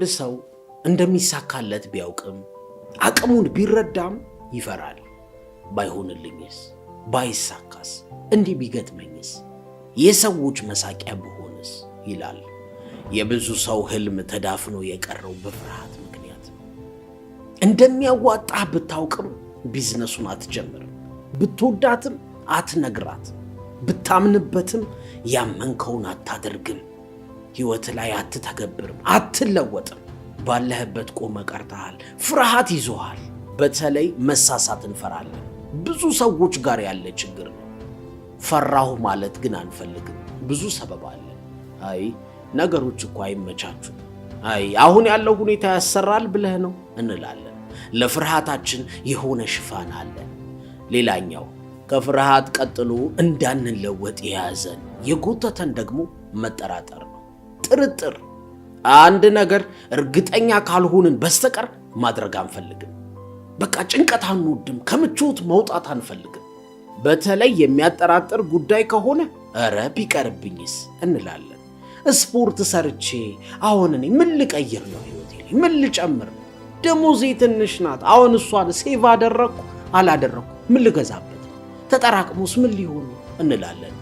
አንድ ሰው እንደሚሳካለት ቢያውቅም አቅሙን ቢረዳም ይፈራል። ባይሆንልኝስ? ባይሳካስ? እንዲህ ቢገጥመኝስ? የሰዎች መሳቂያ ብሆንስ? ይላል። የብዙ ሰው ህልም ተዳፍኖ የቀረው በፍርሃት ምክንያት ነው። ብታውቅም ቢዝነሱን አትጀምርም። ብትወዳትም አትነግራት። ብታምንበትም ያመንከውን አታደርግም። ህይወት ላይ አትተገብርም፣ አትለወጥም። ባለህበት ቆመ ቀርተሃል። ፍርሃት ይዞሃል። በተለይ መሳሳት እንፈራለን። ብዙ ሰዎች ጋር ያለ ችግር ነው። ፈራሁ ማለት ግን አንፈልግም። ብዙ ሰበብ አለ። አይ ነገሮች እኮ አይመቻቹም፣ አይ አሁን ያለው ሁኔታ ያሰራል ብለህ ነው እንላለን። ለፍርሃታችን የሆነ ሽፋን አለ። ሌላኛው ከፍርሃት ቀጥሎ እንዳንለወጥ የያዘን የጎተተን ደግሞ መጠራጠር ነው። ጥርጥር አንድ ነገር እርግጠኛ ካልሆንን በስተቀር ማድረግ አንፈልግም። በቃ ጭንቀት አንወድም፣ ከምቾት መውጣት አንፈልግም። በተለይ የሚያጠራጥር ጉዳይ ከሆነ እረ ቢቀርብኝስ እንላለን። ስፖርት ሰርቼ አሁን እኔ ምን ልቀይር ነው ህይወቴ ላይ ምን ልጨምር ነው? ደሞዜ ትንሽ ናት። አሁን እሷን ሴቭ አደረግኩ አላደረግኩ ምን ልገዛበት? ተጠራቅሞስ ምን ሊሆኑ እንላለን።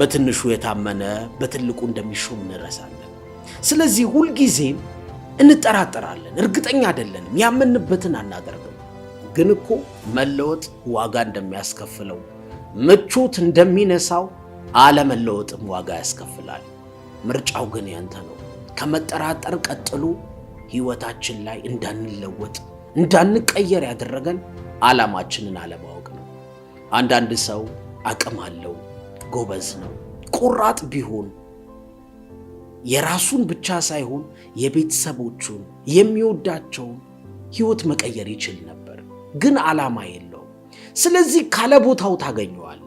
በትንሹ የታመነ በትልቁ እንደሚሾም እንረሳለን። ስለዚህ ሁልጊዜም እንጠራጠራለን፣ እርግጠኛ አይደለንም፣ ያመንበትን አናደርግም። ግን እኮ መለወጥ ዋጋ እንደሚያስከፍለው ምቾት እንደሚነሳው አለመለወጥም ዋጋ ያስከፍላል። ምርጫው ግን ያንተ ነው። ከመጠራጠር ቀጥሎ ሕይወታችን ላይ እንዳንለወጥ እንዳንቀየር ያደረገን ዓላማችንን አለማወቅ ነው። አንዳንድ ሰው አቅም አለው ጎበዝ ነው። ቁራጥ ቢሆን የራሱን ብቻ ሳይሆን የቤተሰቦቹን የሚወዳቸውን ህይወት መቀየር ይችል ነበር፣ ግን ዓላማ የለውም። ስለዚህ ካለ ቦታው ታገኘዋለ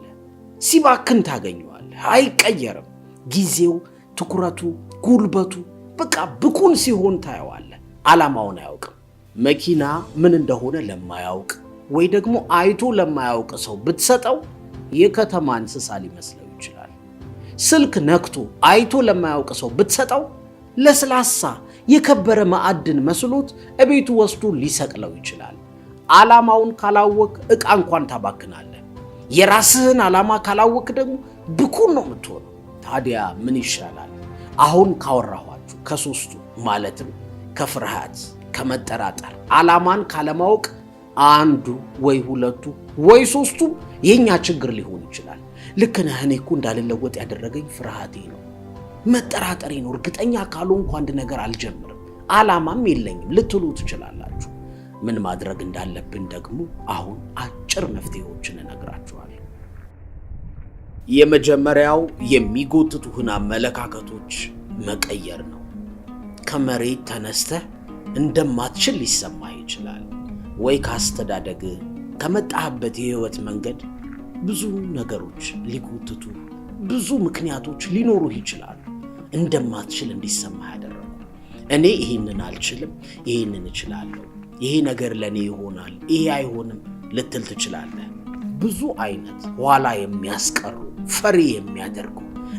ሲባክን ታገኘዋለ አይቀየርም። ጊዜው፣ ትኩረቱ፣ ጉልበቱ በቃ ብኩን ሲሆን ታየዋለ ዓላማውን አያውቅም። መኪና ምን እንደሆነ ለማያውቅ ወይ ደግሞ አይቶ ለማያውቅ ሰው ብትሰጠው የከተማ እንስሳ ሊመስለው ይችላል። ስልክ ነክቶ አይቶ ለማያውቅ ሰው ብትሰጠው ለስላሳ የከበረ ማዕድን መስሎት እቤቱ ወስዶ ሊሰቅለው ይችላል። ዓላማውን ካላወቅ ዕቃ እንኳን ታባክናለህ። የራስህን ዓላማ ካላወቅ ደግሞ ብኩን ነው የምትሆነው። ታዲያ ምን ይሻላል? አሁን ካወራኋችሁ ከሶስቱ ማለትም ከፍርሃት፣ ከመጠራጠር፣ ዓላማን ካለማወቅ አንዱ ወይ ሁለቱ ወይ ሶስቱም የእኛ ችግር ሊሆን ይችላል። ልክ ነህ። እኔ እኮ እንዳልለወጥ ያደረገኝ ፍርሃቴ ነው፣ መጠራጠሬ ነው። እርግጠኛ ካልሆንኩ አንድ ነገር አልጀምርም፣ አላማም የለኝም ልትሉ ትችላላችሁ። ምን ማድረግ እንዳለብን ደግሞ አሁን አጭር መፍትሄዎችን እነግራችኋለሁ። የመጀመሪያው የሚጎትቱህን አመለካከቶች መቀየር ነው። ከመሬት ተነስተህ እንደማትችል ሊሰማህ ይችላል ወይ ከአስተዳደግህ ከመጣህበት የህይወት መንገድ ብዙ ነገሮች ሊጎትቱ፣ ብዙ ምክንያቶች ሊኖሩህ ይችላሉ እንደማትችል እንዲሰማህ ያደረጉ። እኔ ይህንን አልችልም፣ ይህንን እችላለሁ፣ ይሄ ነገር ለእኔ ይሆናል፣ ይሄ አይሆንም ልትል ትችላለህ። ብዙ አይነት ኋላ የሚያስቀሩ ፈሪ የሚያደርጉ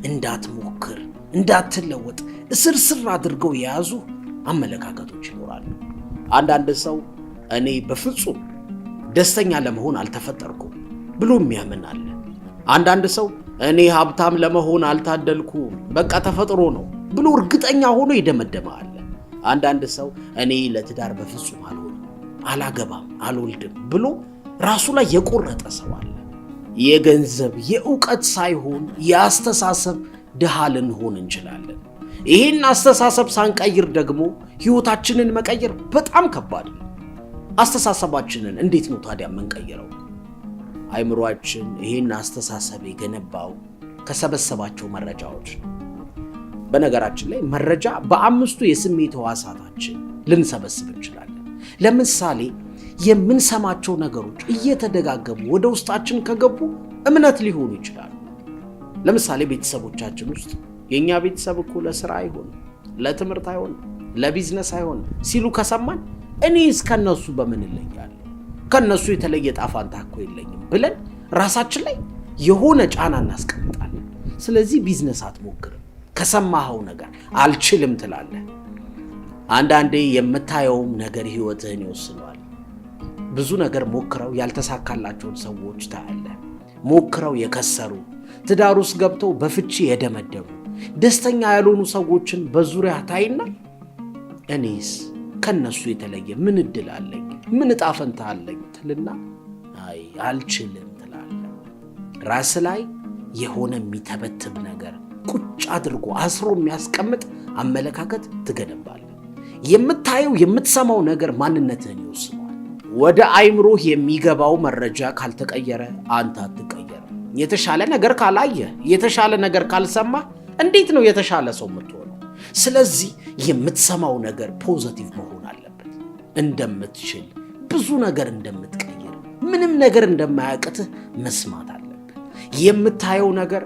እንዳትሞክር፣ እንዳትለወጥ እስርስር አድርገው የያዙ አመለካከቶች ይኖራሉ። አንዳንድ ሰው እኔ በፍጹም ደስተኛ ለመሆን አልተፈጠርኩም ብሎ የሚያምን አለ። አንዳንድ ሰው እኔ ሀብታም ለመሆን አልታደልኩም፣ በቃ ተፈጥሮ ነው ብሎ እርግጠኛ ሆኖ ይደመደመ አለ። አንዳንድ ሰው እኔ ለትዳር በፍጹም አልሆንም፣ አላገባም፣ አልወልድም ብሎ ራሱ ላይ የቆረጠ ሰው አለ። የገንዘብ የእውቀት ሳይሆን የአስተሳሰብ ድሃ ልንሆን እንችላለን። ይህን አስተሳሰብ ሳንቀይር ደግሞ ሕይወታችንን መቀየር በጣም ከባድ ነው። አስተሳሰባችንን እንዴት ነው ታዲያ የምንቀይረው? አይምሯችን ይህን አስተሳሰብ የገነባው ከሰበሰባቸው መረጃዎች ነው። በነገራችን ላይ መረጃ በአምስቱ የስሜት ህዋሳታችን ልንሰበስብ እንችላለን። ለምሳሌ የምንሰማቸው ነገሮች እየተደጋገሙ ወደ ውስጣችን ከገቡ እምነት ሊሆኑ ይችላሉ። ለምሳሌ ቤተሰቦቻችን ውስጥ የእኛ ቤተሰብ እኮ ለስራ አይሆንም፣ ለትምህርት አይሆንም፣ ለቢዝነስ አይሆንም ሲሉ ከሰማን እኔስ ከነሱ በምን እለያለሁ? ከነሱ የተለየ ጣፋንታ እኮ የለኝም ብለን ራሳችን ላይ የሆነ ጫና እናስቀምጣለን። ስለዚህ ቢዝነስ አትሞክርም። ከሰማኸው ነገር አልችልም ትላለህ። አንዳንዴ የምታየውም ነገር ህይወትህን ይወስነዋል። ብዙ ነገር ሞክረው ያልተሳካላቸውን ሰዎች ታያለህ። ሞክረው የከሰሩ ትዳር ውስጥ ገብተው በፍቺ የደመደሙ ደስተኛ ያልሆኑ ሰዎችን በዙሪያ ታይና እኔስ ከነሱ የተለየ ምን እድል አለኝ? ምን እጣ ፈንታ አለኝ? ትልና አይ አልችልም ትላለ። ራስ ላይ የሆነ የሚተበትብ ነገር ቁጭ አድርጎ አስሮ የሚያስቀምጥ አመለካከት ትገነባለ። የምታየው የምትሰማው ነገር ማንነትህን ይወስነዋል። ወደ አይምሮህ የሚገባው መረጃ ካልተቀየረ አንተ አትቀየረ። የተሻለ ነገር ካላየ የተሻለ ነገር ካልሰማ እንዴት ነው የተሻለ ሰው ምት ስለዚህ የምትሰማው ነገር ፖዘቲቭ መሆን አለበት። እንደምትችል፣ ብዙ ነገር እንደምትቀይር፣ ምንም ነገር እንደማያቅትህ መስማት አለበት። የምታየው ነገር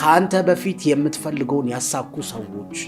ከአንተ በፊት የምትፈልገውን ያሳኩ ሰዎች